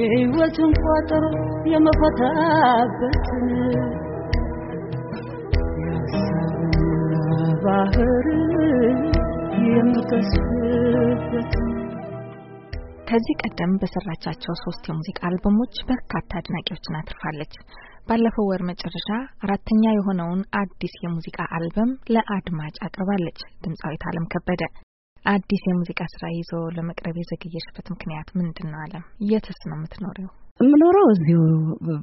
የህይወትን ቋጠሮ የመፈታበትን ባህር የምከስፍበትን ከዚህ ቀደም በሰራቻቸው ሶስት የሙዚቃ አልበሞች በርካታ አድናቂዎችን አትርፋለች። ባለፈው ወር መጨረሻ አራተኛ የሆነውን አዲስ የሙዚቃ አልበም ለአድማጭ አቅርባለች። ድምፃዊት አለም ከበደ አዲስ የሙዚቃ ስራ ይዞ ለመቅረብ የዘገየሽበት ምክንያት ምንድን ነው? አለም የትስ ነው የምትኖሪው? የምኖረው እዚሁ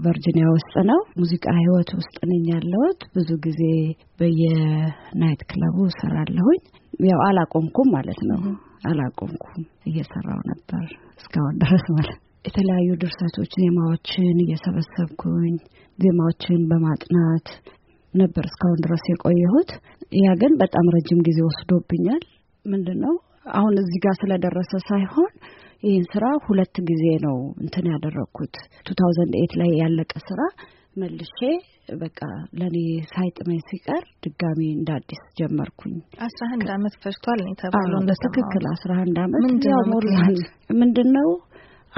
ቨርጂኒያ ውስጥ ነው። ሙዚቃ ህይወት ውስጥ ነኝ ያለሁት። ብዙ ጊዜ በየናይት ክለቡ እሰራለሁኝ። ያው አላቆምኩም ማለት ነው። አላቆምኩም እየሰራው ነበር እስካሁን ድረስ ማለት የተለያዩ ድርሰቶች ዜማዎችን እየሰበሰብኩኝ ዜማዎችን በማጥናት ነበር እስካሁን ድረስ የቆየሁት። ያ ግን በጣም ረጅም ጊዜ ወስዶብኛል። ምንድን ነው አሁን እዚህ ጋር ስለደረሰ ሳይሆን ይህን ስራ ሁለት ጊዜ ነው እንትን ያደረግኩት። ቱ ታውዘንድ ኤት ላይ ያለቀ ስራ መልሼ በቃ ለእኔ ሳይጥመኝ ሲቀር ድጋሚ እንደ አዲስ ጀመርኩኝ። አስራ አንድ አመት ፈጅቷል የተባለው ትክክል አስራ አንድ አመት ምንድን ነው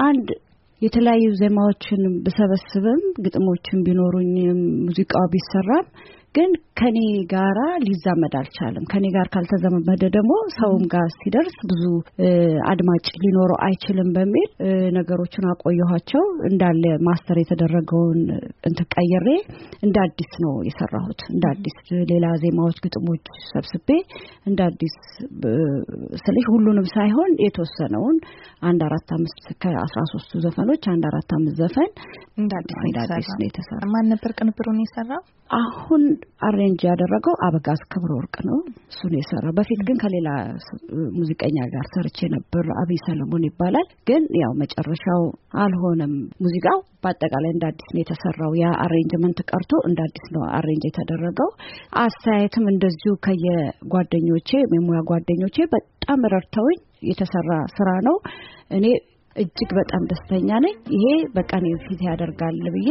አንድ የተለያዩ ዜማዎችን ብሰበስብም ግጥሞችን ቢኖሩኝም ሙዚቃው ቢሰራም ግን ከኔ ጋራ ሊዛመድ አልቻለም። ከኔ ጋር ካልተዘመመደ ደግሞ ሰውም ጋር ሲደርስ ብዙ አድማጭ ሊኖረው አይችልም በሚል ነገሮችን አቆየኋቸው። እንዳለ ማስተር የተደረገውን እንትን ቀይሬ እንደ አዲስ ነው የሰራሁት። እንደ አዲስ ሌላ ዜማዎች፣ ግጥሞች ሰብስቤ እንደ አዲስ ስልሽ ሁሉንም ሳይሆን የተወሰነውን አንድ አራት አምስት ከአስራ ሶስቱ ዘፈኖች አንድ አራት አምስት ዘፈን እንደ አዲስ ነው የተሰራ። ማን ነበር ቅንብሩን የሰራ? አሁን አሬንጅ ያደረገው አበጋዝ ክብረ ወርቅ ነው። እሱን የሰራው በፊት ግን ከሌላ ሙዚቀኛ ጋር ሰርቼ ነበር። አብይ ሰለሞን ይባላል። ግን ያው መጨረሻው አልሆነም። ሙዚቃው በአጠቃላይ እንደ አዲስ ነው የተሰራው። ያ አሬንጅመንት ቀርቶ እንደ አዲስ ነው አሬንጅ የተደረገው። አስተያየትም እንደዚሁ ከየጓደኞቼ የሙያ ጓደኞቼ በጣም ረድተውኝ የተሰራ ስራ ነው። እኔ እጅግ በጣም ደስተኛ ነኝ። ይሄ በቃ እኔ ፊት ያደርጋል ብዬ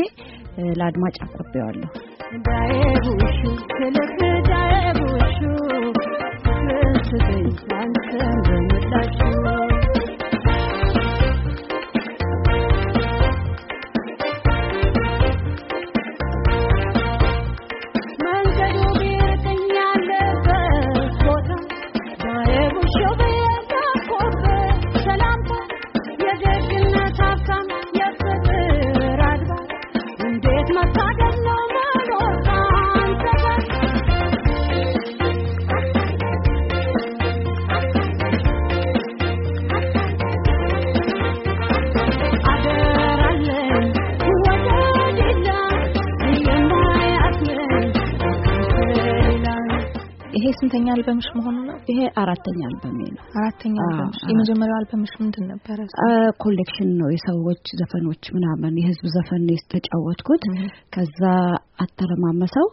ለአድማጭ አቆቤዋለሁ። Thank you. የስንተኛ አልበምሽ መሆኑ ነው? ይሄ አራተኛ አልበሜ ነው። አራተኛ አልበምሽ። የመጀመሪያው አልበምሽ ምንድን ነበረ? ኮሌክሽን ነው የሰዎች ዘፈኖች ምናምን፣ የህዝብ ዘፈን ነው የተጫወትኩት። ከዛ አተረማመሰው፣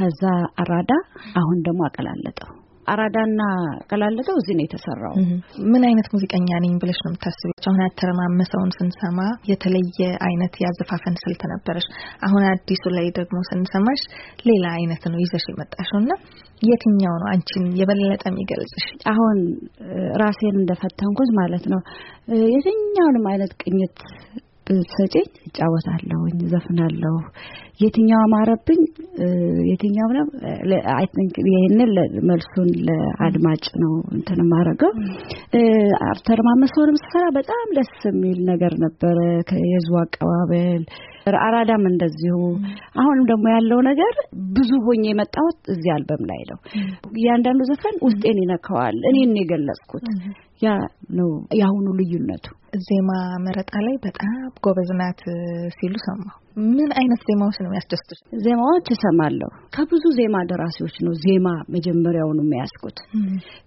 ከዛ አራዳ፣ አሁን ደግሞ አቀላለጠው አራዳና ቀላለጠው እዚህ ነው የተሰራው። ምን አይነት ሙዚቀኛ ነኝ ብለሽ ነው የምታስቢው? አሁን ያተረማመሰውን ስንሰማ የተለየ አይነት ያዘፋፈን ስልት ነበረሽ። አሁን አዲሱ ላይ ደግሞ ስንሰማሽ ሌላ አይነት ነው ይዘሽ የመጣሽው እና የትኛው ነው አንቺን የበለጠ የሚገልጽሽ? አሁን ራሴን እንደፈተንኩት ማለት ነው የትኛውንም አይነት ቅኝት ብትሰጪኝ እጫወታለሁኝ፣ ዘፍናለሁ። የትኛው አማረብኝ የትኛው ነው አይ ቲንክ ይሄንን መልሱን ለአድማጭ ነው እንትን ማረገው። አፍተር ማመሰውንም ስሰራ በጣም ደስ የሚል ነገር ነበረ። የህዝቡ አቀባበል አራዳም እንደዚሁ። አሁንም ደግሞ ያለው ነገር ብዙ ሆኜ የመጣሁት እዚህ አልበም ላይ ነው። እያንዳንዱ ዘፈን ውስጤን ይነካዋል። እኔን የገለጽኩት ያ ነው የአሁኑ ልዩነቱ። ዜማ መረጣ ላይ በጣም ጎበዝ ናት ሲሉ ሰማሁ። ምን አይነት ዜማዎች ነው የሚያስደስቱት? ዜማዎች እሰማለሁ። ከብዙ ዜማ ደራሲዎች ነው ዜማ መጀመሪያውን የሚያስኩት።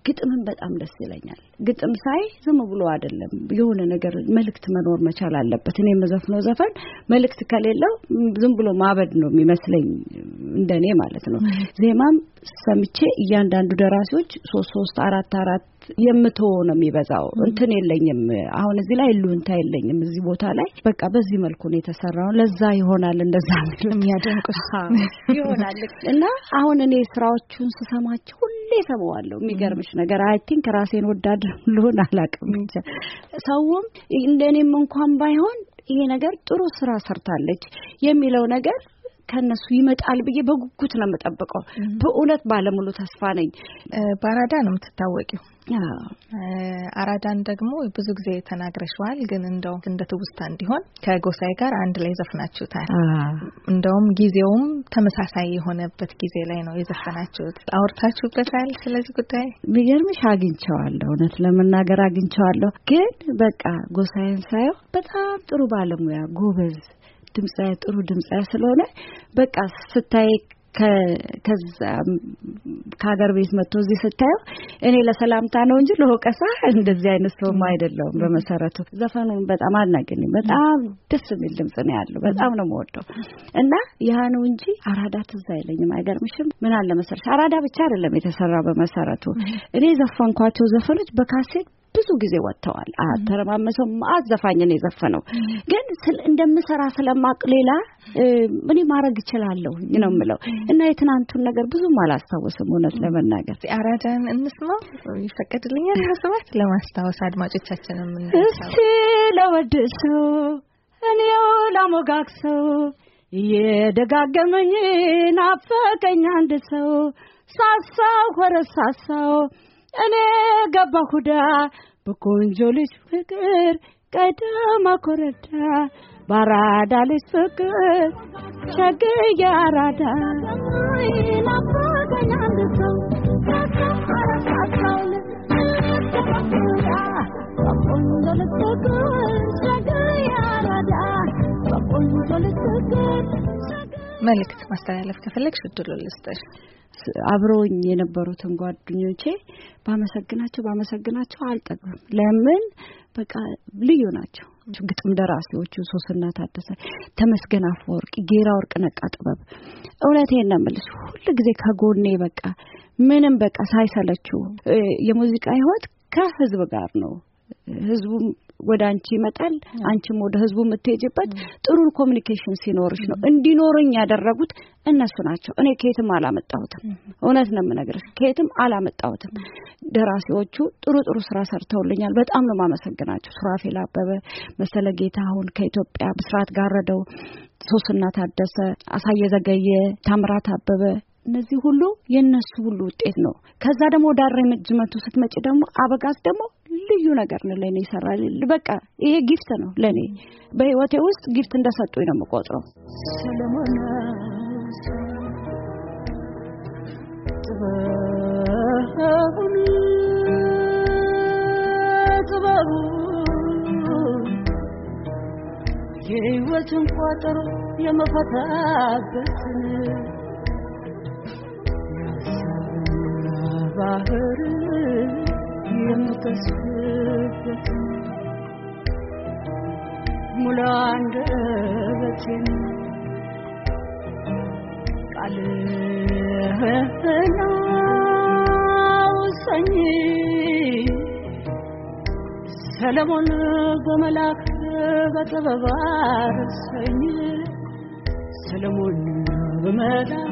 ግጥምን በጣም ደስ ይለኛል። ግጥም ሳይ ዝም ብሎ አይደለም፣ የሆነ ነገር መልእክት መኖር መቻል አለበት። እኔ የምዘፍነው ዘፈን መልእክት ከሌለው ዝም ብሎ ማበድ ነው የሚመስለኝ፣ እንደኔ ማለት ነው። ዜማም ሰምቼ እያንዳንዱ ደራሲዎች ሶስት ሶስት አራት አራት የምትሆ ነው የሚበዛው። እንትን የለኝም አሁን እዚህ ላይ ሉንታ የለኝም እዚህ ቦታ ላይ በቃ በዚህ መልኩ ነው የተሰራው። ለዛ ይሆናል እንደዛ የሚያደንቁ ይሆናል እና አሁን እኔ ስራዎቹን ስሰማቸው ሁሌ ሰማዋለሁ። የሚገርምሽ ነገር አይ ቲንክ ራሴን ወዳድ ልሆን አላውቅም። ብቻ ሰውም እንደኔም እንኳን ባይሆን ይሄ ነገር ጥሩ ስራ ሰርታለች የሚለው ነገር ከነሱ ይመጣል ብዬ በጉጉት ነው የምጠብቀው። በእውነት ባለሙሉ ተስፋ ነኝ። በአራዳ ነው የምትታወቂው። አራዳን ደግሞ ብዙ ጊዜ ተናግረሽዋል፣ ግን እንደው እንደ ትውስታ እንዲሆን ከጎሳዬ ጋር አንድ ላይ ዘፍናችሁታል። እንደውም ጊዜውም ተመሳሳይ የሆነበት ጊዜ ላይ ነው የዘፈናችሁት። አውርታችሁበታል ስለዚህ ጉዳይ? ሚገርምሽ አግኝቸዋለሁ፣ እውነት ለመናገር አግኝቸዋለሁ። ግን በቃ ጎሳይን ሳየው በጣም ጥሩ ባለሙያ ጎበዝ ድምፅ ጥሩ ድምፅ ስለሆነ በቃ ስታይ ከሀገር ቤት መጥቶ እዚህ ስታየው እኔ ለሰላምታ ነው እንጂ ለወቀሳ እንደዚህ አይነት ሰውም አይደለውም። በመሰረቱ ዘፈኑን በጣም አድናቂ በጣም ደስ የሚል ድምጽ ነው ያለው። በጣም ነው የምወደው እና ያ ነው እንጂ አራዳ ትዝ አይለኝም። አይገርምሽም? ምን አለ መሰረት አራዳ ብቻ አይደለም የተሰራው። በመሰረቱ እኔ ዘፈንኳቸው ዘፈኖች በካሴት ብዙ ጊዜ ወጥተዋል። አተረማመሰው መዓት ዘፋኝ ነው የዘፈነው። ግን እንደምሰራ ስለማቅ ሌላ እኔ ማድረግ እችላለሁ ነው የምለው እና የትናንቱን ነገር ብዙም አላስታወስም እውነት ለመናገር አራዳን እንስማ ይፈቀድልኛል። ስባት ለማስታወስ አድማጮቻችን እስቲ ለወድቅ ሰው እኔው ላሞጋግ ሰው የደጋገመኝ ናፈቀኝ አንድ ሰው ሳሳው ኮረሳሳው እኔ ገባሁዳ በቆንጆ ልጅ ፍቅር ቀዳማ ኮረዳ ባራዳ ልጅ ፍቅር ሸገየ አራዳ Thank you. መልእክት ማስተላለፍ ከፈለግሽ እድሉን ልስጥሽ። አብረውኝ የነበሩትን ጓደኞቼ ባመሰግናቸው ባመሰግናቸው አልጠግብም። ለምን በቃ ልዩ ናቸው። ግጥም ደራሲዎቹ ሶስና ታደሰ፣ ተመስገን አፈወርቅ፣ ጌራ ወርቅ ነቃ ጥበብ፣ እውነቴን ነው የምልሽ ሁል ጊዜ ከጎኔ በቃ ምንም በቃ ሳይሰለችው የሙዚቃ ህይወት ከህዝብ ጋር ነው። ህዝቡም ወደ አንቺ ይመጣል፣ አንቺም ወደ ህዝቡ የምትሄጅበት ጥሩ ኮሚኒኬሽን ሲኖርሽ ነው። እንዲኖረኝ ያደረጉት እነሱ ናቸው። እኔ ከየትም አላመጣሁትም። እውነት ነው የምነግርሽ፣ ከየትም አላመጣሁትም። ደራሲዎቹ ጥሩ ጥሩ ስራ ሰርተውልኛል። በጣም ነው የማመሰግናቸው። ሱራፌል አበበ፣ መሰለ ጌታ፣ አሁን ከኢትዮጵያ፣ ብስራት ጋረደው፣ ሶስና ታደሰ፣ አሳየ ዘገየ፣ ታምራት አበበ እነዚህ ሁሉ የእነሱ ሁሉ ውጤት ነው። ከዛ ደግሞ ወደ አረጅመቱ ስትመጪ ደግሞ አበጋዝ ደግሞ ልዩ ነገር ነው ለእኔ ይሰራል። በቃ ይሄ ጊፍት ነው ለእኔ በህይወቴ ውስጥ ጊፍት እንደሰጡኝ ነው የምቆጥረው። የህይወትን ቋጠሮ የመፈታበትን ባህር የምከስበት ሙላ አንደበቴን ቃልህን አውሳኝ ሰለሞን በመላክ በጥበብ አርሰኝ ሰለሞን